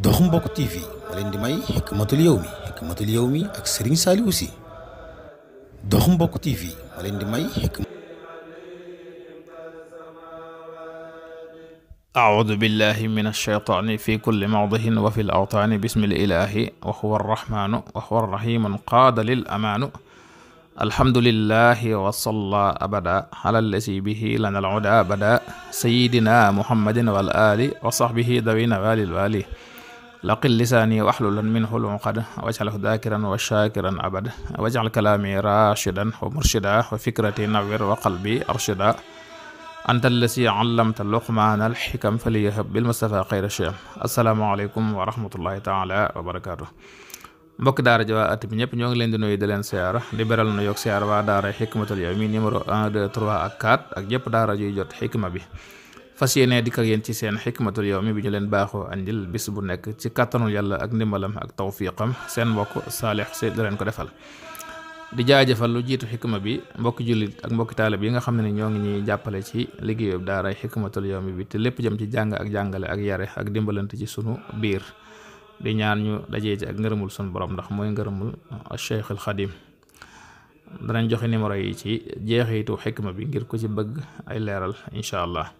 Doxu Mbokk TV ma leen di may Hikmatul Yawmi Hikmatul Yawmi ak Serigne Saliou Sy Doxu Mbokk TV ma leen di may hikma أعوذ بالله من الشيطان في كل موضع وفي الأوطان بسم الإله وهو الرحمن وهو الرحيم قاد للأمان الحمد لله وصلى أبدا على الذي به لنا العدى أبدا سيدنا محمد والآل وصحبه ذوي النوال الوالي laqil lisaani waxlulan minhu lmuqad waj'alhu daakiran wa shaakiran abad waj'al kalaami raashidan wa murshida wa fikrati nawwir wa qalbi arshida anta allasi allamta luqmaana alxikam faliyahab bil mustafa xayra taala wa barakaatu mbokki daara ji waa at bi ñëpp ñoo ngi leen di nuyu di leen siyaara di beral nu yokk siyaar waa daara ak 4 ak yëpp daara juy jot xikma bi fas yéene dikk ak yéen ci seen xikmatul yawmi bi ñu leen baaxoo andil bis bu nekk ci kàttanul yàlla ak ndimbalam ak tawfiqam seen mbokk Saalix Seyd la leen ko defal di jaajëfal lu jiitu xikma bi mbokki jullit ak mbokki taalib yi nga xam ne ni ñoo ngi ñuy jàppale ci liggéeyub daaray xikmatul yawmi bi te lépp jëm ci jàng ak jàngale ak yare ak dimbalante ci sunu biir di ñaan ñu dajee ci ak ngërëmul sunu borom ndax mooy ngërëmul Cheikh al Xadim danañ joxe numéro yi ci jeexitu xikma bi ngir ko ci bëgg ay leeral incha allah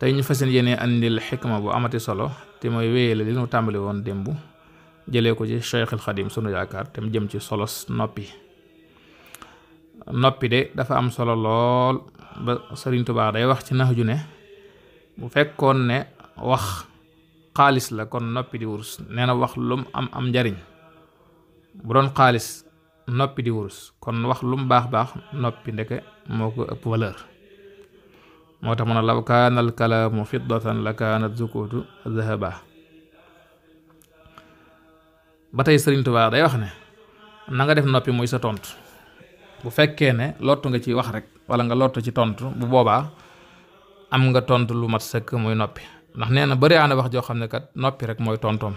tey ñu fa seen fas yéene andil xikma bu amati solo te mooy la li ñu tàmbali woon démb jëlee ko ci Cheikhul Xadim sunu yaakaar te mu jëm ci solos noppi noppi de dafa am solo lool ba Sëriñ Tuubaa day wax ci nax ju ne bu fekkoon ne wax xaalis la kon noppi di wurus nee na wax lum am am njariñ bu doon xaalis noppi di wurus kon wax lum baax baax noppi ndeke moo ko ëpp valeur moo tax mu a law kaana al kalaamu fiddatan la kaanat zukutu zahaba ba tey Sëriñ Tuubaa day wax ne na nga def noppi muy sa tont bu fekkee ne lottu nga ci wax rek wala nga lottu ci tontu bu boobaa am nga tontu lu mat sëkk muy noppi ndax nee na bëri aana wax joo xam ne kat noppi rek mooy tontoom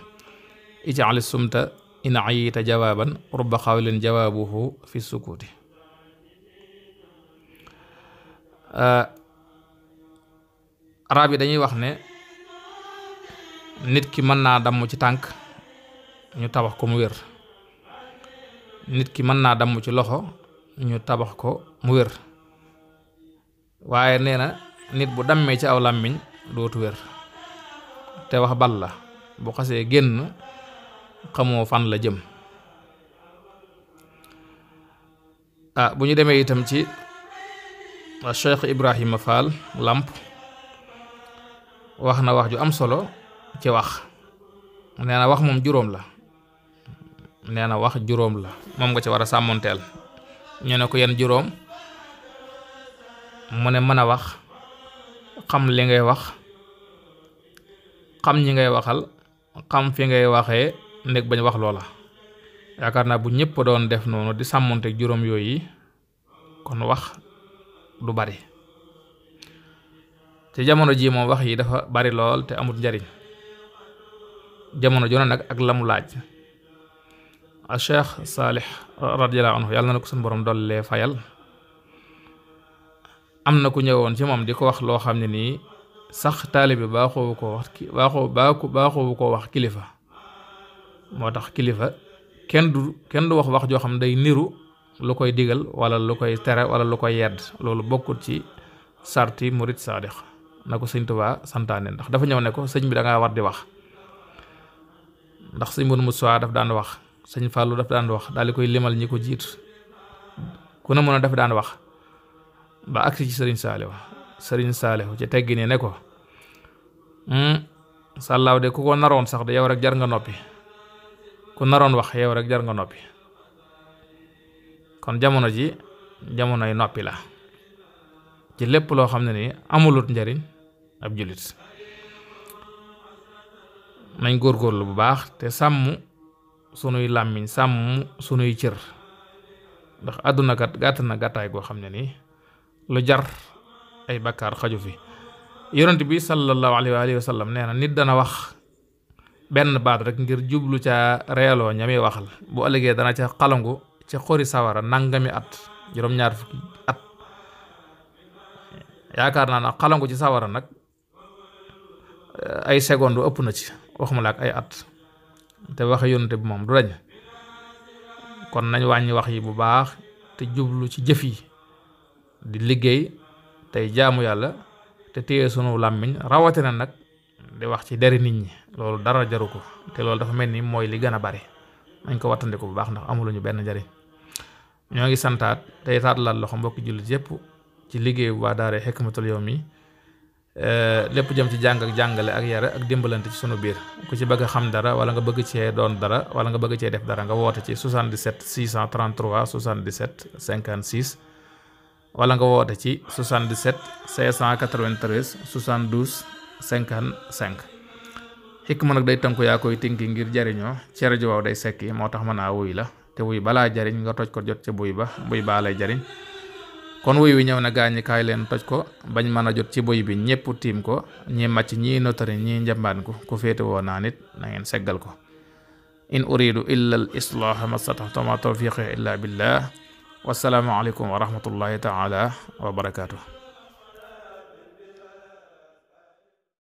ijaali sumta in ayita jawaaban rubba xawlin jawaabuhu fi sukuti arab yi dañuy wax ne nit ki mën naa damm ci tànk ñu tabax ko mu wér nit ki mën naa damm ci loxo ñu tabax ko mu wér waaye nee na nit bu dammee ci aw làmmiñ dootu wér te wax bal la bu xasee génn xamoo fan la jëm ah bu ñu demee itam ci Cheikh Ibrahima Fall làmp wax na wax ju am solo ci wax nee na wax moom juróom la nee na wax juróom la moom nga ci war a sàmmonteel ñoo ne ko yenn juróom mu ne mën a wax xam li ngay wax xam ñi ngay waxal xam fi ngay waxee nekk bañ wax loola yaakaar naa bu ñëpp doon def noonu di sàmmonte juróom yooyu kon wax du bari te jamono jii moom wax yi dafa bari lool te amul njariñ jamono joona nag ak lamu laaj a cheikh saalix radiallahu anhu yàlla na ko suñu borom dollee fayal am na ku ñëwoon ci moom di ko wax loo xam ne nii sax taalibe baaxoobu koo baaxoo baaku koo wax kilifa moo tax kilifa kenn du kenn du wax wax joo xam day niru lu koy digal wala lu koy tere wala lu koy yedd loolu bokkut ci sarti murid saadiq na ko sëñ Tuubaa santaane ndax dafa ñëw ne ko sëñ bi da ngaa war di wax ndax sëñ mu Moussa daf daan wax sëñ fàllu daf daan wax daal di koy limal ñi ko jiit ku ne mën a daf daan wax ba agsi ci sëriñ Saaliw sëriñ Saaliw ci teggi ne ko hmm, sàllaaw de ku ko naroon sax de yow rek jar nga noppi ku naroon wax yow rek jar nga noppi kon jamono ji jamonoy noppi la ci lépp loo xam ne nii amulut njariñ ab jullit nañ góorlu bu baax te sàmm sunuy làmmiñ sàmm sunuy cër ndax àdduna kat gàtt na gàttaay goo xam ne nii lu jar ay bakkaar xaju fi yonent bi sallallahu alayhi wa sallam nee na nit dana wax benn baat rek ngir jublu ca reeloo ñami waxal bu ëllëgee dana ca xalangu ca xori sawara nangami at juróom-ñaar fukki at yaakaar naa na xalangu ci sawara nag ay seconde ëpp na ci waxuma la ak ay at te waxe yónnate bi moom du dañ kon nañ wàññi wax yi bu baax te jublu ci jëf yi di liggéey tey jaamu yàlla te téye sunu làmmiñ rawatina nag di wax ci deri nit ñi loolu dara jaru ko te loolu dafa mel ni mooy li gën a bari dañ ko wattandiku bu baax ndax amul ñu benn njariñ ñoo ngi santaat tey taat laal loxo mbokki jullit yépp ci liggéey bu baax daaree Hikmatul Yawmi Eh, lépp jëm ci jàng ak jàngale ak yare ak dimbalante ci sunu biir ku ci bëgg xam dara wala nga bëgg cee doon dara wala nga bëgg cee def dara nga woote ci 77 633 77 56 wala nga woote ci 77 693 72 55. xikma nag day tënku yaa koy tinki ngir jariñoo ci rajo waaw day sekki moo tax mën naa wuy la te wuy balaa jariñ nga toj ko jot ca buy ba buy baa lay jariñ kon woy wi ñëw na gaañi leen toj ko bañ mën a jot ci boy bi ñëpp tiim ko ñi màcc ñii notari ñi njambaan ko ku féete woo naa nit nangeen ngeen seggal ko in uridu illa al islaaha ma stataxtuma tawfiqi illa billah wassalaamu aleykum wa rahmatullahi wa barakatuh